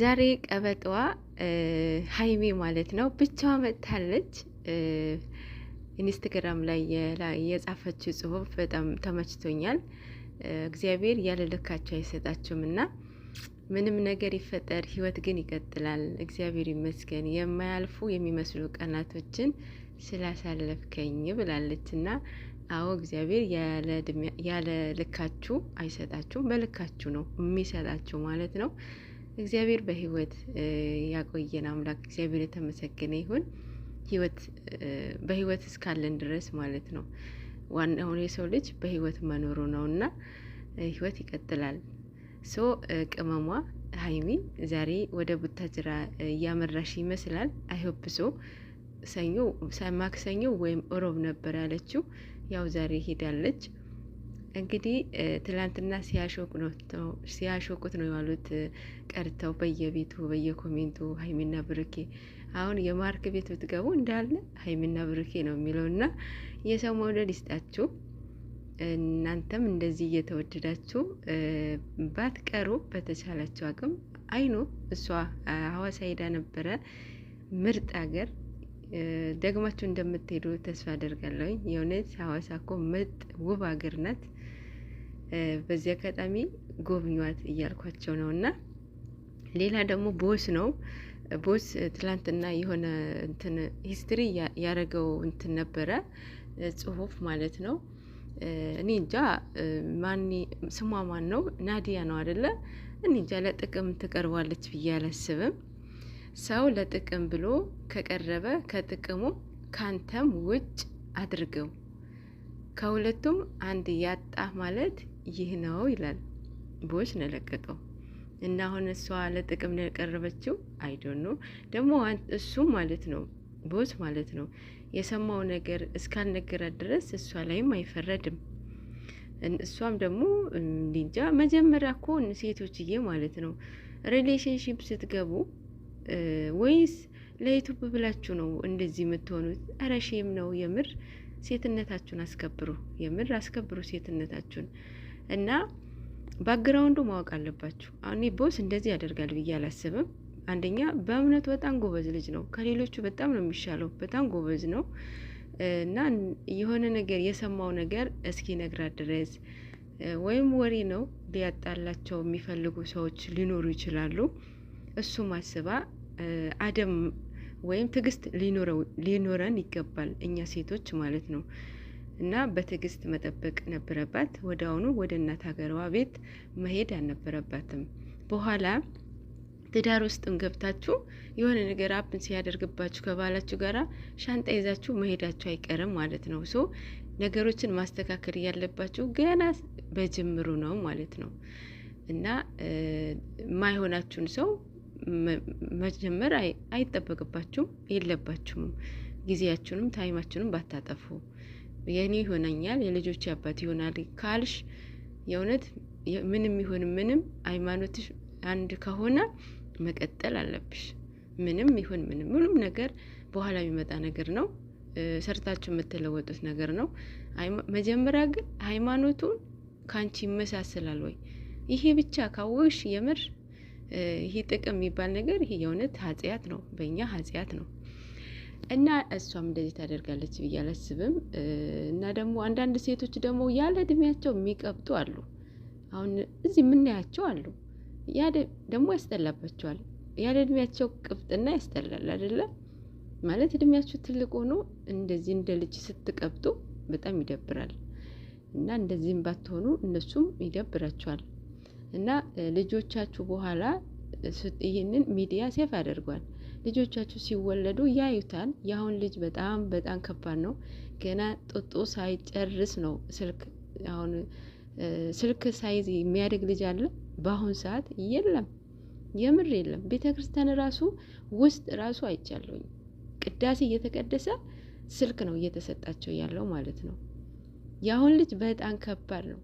ዛሬ ቀበጠዋ ሀይሚ ማለት ነው ብቻዋ መጥታለች። ኢንስትግራም ላይ የጻፈችው ጽሁፍ በጣም ተመችቶኛል። እግዚአብሔር ያለልካቸው አይሰጣችሁም እና ምንም ነገር ይፈጠር፣ ህይወት ግን ይቀጥላል። እግዚአብሔር ይመስገን የማያልፉ የሚመስሉ ቀናቶችን ስላሳለፍከኝ ብላለች እና አዎ እግዚአብሔር ያለ ልካችሁ አይሰጣችሁም፣ በልካችሁ ነው የሚሰጣችሁ ማለት ነው። እግዚአብሔር በህይወት ያቆየን አምላክ እግዚአብሔር የተመሰገነ ይሁን። ህይወት በህይወት እስካለን ድረስ ማለት ነው። ዋናው የሰው ልጅ በህይወት መኖሩ ነው እና ህይወት ይቀጥላል። ሶ ቅመሟ ሀይሚ ዛሬ ወደ ቡታጅራ እያመራሽ ይመስላል። ሶ ሰኞ ማክሰኞ ወይም እሮብ ነበር ያለችው፣ ያው ዛሬ ሄዳለች። እንግዲህ ትላንትና ሲያሾቁት ነው የዋሉት ቀርተው በየቤቱ በየኮሜንቱ ሀይሚና ብሩኬ። አሁን የማርክ ቤት ብትገቡ እንዳለ ሀይሚና ብሩኬ ነው የሚለው እና የሰው መውደድ ይስጣችሁ። እናንተም እንደዚህ እየተወደዳችሁ ባትቀሩ በተቻላችሁ አቅም አይኑ እሷ ሀዋሳ ሄዳ ነበረ። ምርጥ ሀገር ደግማችሁ እንደምትሄዱ ተስፋ አደርጋለሁኝ። የእውነት ሀዋሳ እኮ ምርጥ ውብ ሀገር ናት። በዚህ አጋጣሚ ጎብኟት እያልኳቸው ነው። እና ሌላ ደግሞ ቦስ ነው። ቦስ ትላንትና የሆነ እንትን ሂስትሪ ያደረገው እንትን ነበረ ጽሁፍ ማለት ነው። እኔ እንጃ ማን ስሟ ማን ነው? ናዲያ ነው አደለ? እኔ እንጃ ለጥቅም ትቀርባለች ብዬ አላስብም። ሰው ለጥቅም ብሎ ከቀረበ ከጥቅሙ ካንተም ውጭ አድርገው ከሁለቱም አንድ ያጣ ማለት ይህ ነው ይላል ቦች ነለቀጠው እና አሁን እሷ ለጥቅም ነው አይዶን ነው ደግሞ እሱ ማለት ነው ቦት ማለት ነው የሰማው ነገር እስካልነገራት ድረስ እሷ ላይም አይፈረድም። እሷም ደግሞ እንጃ መጀመሪያ እኮ ሴቶችዬ ማለት ነው ሪሌሽንሽፕ ስትገቡ ወይስ ለዩቱብ ብላችሁ ነው እንደዚህ የምትሆኑት? እረ ሼም ነው የምር። ሴትነታችሁን አስከብሩ፣ የምር አስከብሩ ሴትነታችሁን። እና ባግራውንዱ ማወቅ አለባችሁ። አሁን ቦስ እንደዚህ ያደርጋል ብዬ አላስብም። አንደኛ በእምነቱ በጣም ጎበዝ ልጅ ነው። ከሌሎቹ በጣም ነው የሚሻለው። በጣም ጎበዝ ነው እና የሆነ ነገር የሰማው ነገር እስኪ ነግራ ድረስ ወይም ወሬ ነው ሊያጣላቸው የሚፈልጉ ሰዎች ሊኖሩ ይችላሉ። እሱ አስባ አደም ወይም ትዕግስት ሊኖረን ይገባል እኛ ሴቶች ማለት ነው። እና በትዕግስት መጠበቅ ነበረባት። አሁኑ ወደ እናት ሀገሯ ቤት መሄድ አልነበረባትም። በኋላ ትዳር ውስጥም ገብታችሁ የሆነ ነገር አፕን ሲያደርግባችሁ ከባላችሁ ጋራ ሻንጣ ይዛችሁ መሄዳችሁ አይቀርም ማለት ነው። ሶ ነገሮችን ማስተካከል እያለባችሁ ገና በጅምሩ ነው ማለት ነው እና ማይሆናችሁን ሰው መጀመር አይጠበቅባችሁም የለባችሁም። ጊዜያችሁንም ታይማችሁንም ባታጠፉ የኔ ይሆነኛል የልጆች አባት ይሆናል ካልሽ የእውነት ምንም ይሁን ምንም ሃይማኖትሽ አንድ ከሆነ መቀጠል አለብሽ። ምንም ይሁን ምንም ሁሉም ነገር በኋላ የሚመጣ ነገር ነው። ሰርታችሁ የምትለወጡት ነገር ነው። መጀመሪያ ግን ሃይማኖቱን ከአንቺ ይመሳሰላል ወይ? ይሄ ብቻ ካወቅሽ የምር ይሄ ጥቅም የሚባል ነገር ይሄ የእውነት ኃጢአት ነው፣ በእኛ ኃጢአት ነው። እና እሷም እንደዚህ ታደርጋለች ብዬ አላስብም። እና ደግሞ አንዳንድ ሴቶች ደግሞ ያለ እድሜያቸው የሚቀብጡ አሉ። አሁን እዚህ የምናያቸው አሉ። ያ ደግሞ ያስጠላባቸዋል። ያለ እድሜያቸው ቅብጥና ያስጠላል አይደለም ማለት እድሜያቸው ትልቅ ሆኖ እንደዚህ እንደ ልጅ ስትቀብጡ በጣም ይደብራል። እና እንደዚህም ባትሆኑ እነሱም ይደብራቸዋል። እና ልጆቻችሁ በኋላ ይህንን ሚዲያ ሴፍ ያደርጓል። ልጆቻችሁ ሲወለዱ ያዩታል። የአሁን ልጅ በጣም በጣም ከባድ ነው። ገና ጦጦ ሳይጨርስ ነው ስልክ አሁን ስልክ ሳይዝ የሚያደግ ልጅ አለ። በአሁን ሰዓት የለም፣ የምር የለም። ቤተ ክርስቲያን ራሱ ውስጥ ራሱ አይቻለሁኝ። ቅዳሴ እየተቀደሰ ስልክ ነው እየተሰጣቸው ያለው ማለት ነው። የአሁን ልጅ በጣም ከባድ ነው።